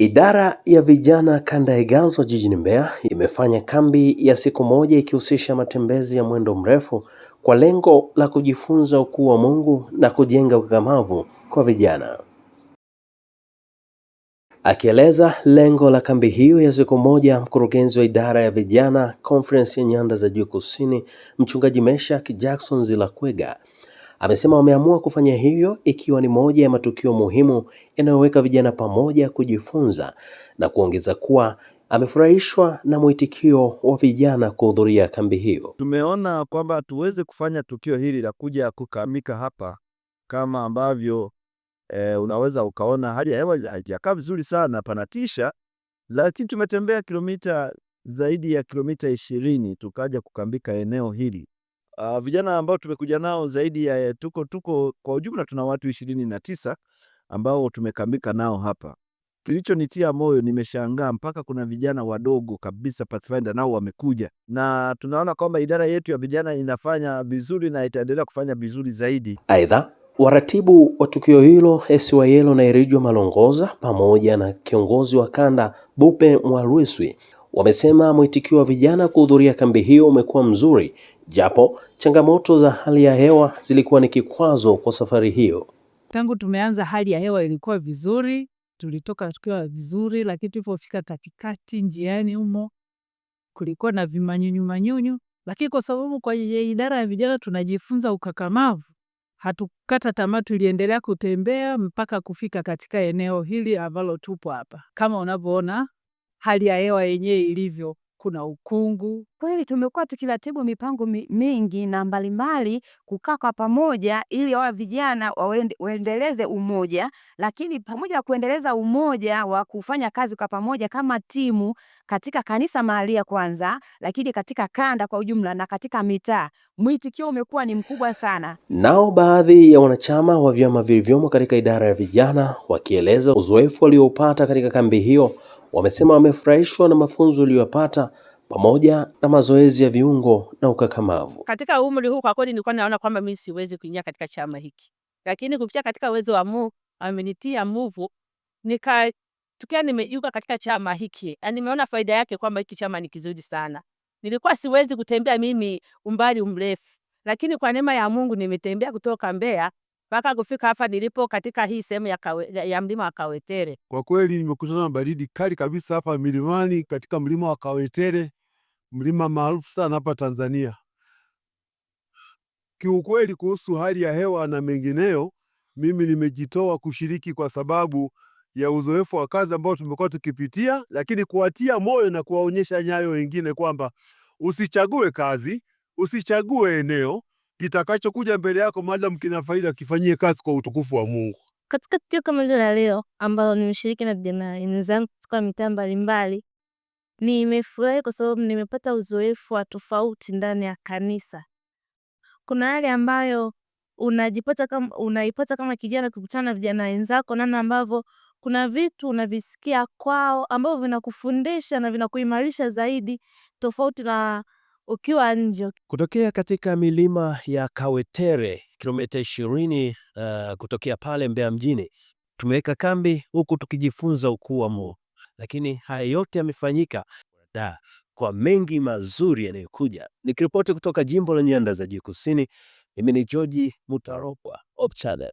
Idara ya vijana kanda ya Iganzo jijini Mbeya imefanya kambi ya siku moja ikihusisha matembezi ya mwendo mrefu kwa lengo la kujifunza ukuu wa Mungu na kujenga ukakamavu kwa vijana. Akieleza lengo la kambi hiyo ya siku moja, mkurugenzi wa idara ya vijana Conference ya Nyanda za Juu Kusini, mchungaji Meshak Jackson Zilakwega Amesema wameamua kufanya hivyo ikiwa ni moja ya matukio muhimu yanayoweka vijana pamoja kujifunza na kuongeza kuwa amefurahishwa na mwitikio wa vijana kuhudhuria kambi hiyo. Tumeona kwamba tuweze kufanya tukio hili la kuja kukamika hapa kama ambavyo e, unaweza ukaona hali ya hewa haijakaa vizuri sana, panatisha, lakini tumetembea kilomita zaidi ya kilomita ishirini tukaja kukambika eneo hili Uh, vijana ambao tumekuja nao zaidi ya eh, tuko tuko kwa ujumla tuna watu ishirini na tisa ambao tumekambika nao hapa. Kilichonitia moyo, nimeshangaa mpaka kuna vijana wadogo kabisa Pathfinder nao wamekuja, na tunaona kwamba idara yetu ya vijana inafanya vizuri na itaendelea kufanya vizuri zaidi. Aidha, waratibu wa tukio hilo SYL na Malongoza pamoja na kiongozi wa kanda Bupe Mwalwiswi wamesema mwitikio wa vijana kuhudhuria kambi hiyo umekuwa mzuri, japo changamoto za hali ya hewa zilikuwa ni kikwazo kwa safari hiyo. Tangu tumeanza hali ya hewa ilikuwa vizuri, tulitoka tukiwa vizuri, lakini tulipofika katikati njiani humo kulikuwa na manyunyu, lakini kwa sababu kwa idara ya vijana tunajifunza ukakamavu, hatukukata tamaa, tuliendelea kutembea mpaka kufika katika eneo hili ambalo tupo hapa. Kama unavyoona hali ya hewa yenyewe ilivyo, kuna ukungu kweli. Tumekuwa tukiratibu mipango mingi na mbalimbali kukaa kwa pamoja, ili hawa vijana waendeleze umoja, lakini pamoja na kuendeleza umoja wa kufanya kazi kwa pamoja kama timu katika kanisa mahalia kwanza, lakini katika kanda kwa ujumla na katika mitaa, mwitikio umekuwa ni mkubwa sana. Nao baadhi ya wanachama wa vyama vilivyomo katika idara ya vijana wakieleza uzoefu waliopata katika kambi hiyo wamesema wamefurahishwa na mafunzo waliyopata pamoja na mazoezi ya viungo na ukakamavu. Katika umri huu kwa kweli nilikuwa naona kwamba mimi siwezi kuingia katika chama hiki, lakini kupitia katika uwezo wa Mungu amenitia nguvu nika tukia nimejiunga katika chama hiki na nimeona faida yake kwamba hiki chama ni kizuri sana. Nilikuwa siwezi kutembea mimi umbali mrefu, lakini kwa neema ya Mungu nimetembea kutoka Mbeya mpaka kufika hapa nilipo katika hii sehemu ya, ya mlima wa Kawetere. Kwa kweli nimekutana na baridi kali kabisa hapa milimani katika mlima wa Kawetere, mlima maarufu sana hapa Tanzania. Kiukweli kuhusu hali ya hewa na mengineyo, mimi nimejitoa kushiriki kwa sababu ya uzoefu wa kazi ambao tumekuwa tukipitia, lakini kuwatia moyo na kuwaonyesha nyayo wengine kwamba usichague kazi, usichague eneo kitakachokuja mbele yako, maadamu kina faida, kifanyie kazi kwa utukufu wa Mungu. Katika tukio kama hilo la leo ambalo nimeshiriki na vijana wenzangu kutoka mitaa mbalimbali, nimefurahi kwa sababu nimepata uzoefu wa tofauti ndani ya kanisa. Kuna hali ambayo unajipata kama unaipata kama kijana kukutana na vijana wenzako, namna ambavyo kuna vitu unavisikia kwao ambavyo vinakufundisha na vinakuimarisha zaidi tofauti na ukiwa nje. Kutokea katika milima ya Kawetere kilomita ishirini uh, kutokea pale Mbeya mjini tumeweka kambi huku tukijifunza ukuu wa Mungu, lakini haya yote yamefanyika da kwa mengi mazuri yanayokuja. Nikiripoti kutoka jimbo la Nyanda za Juu Kusini, mimi ni George Mutaropwa, Hope Channel.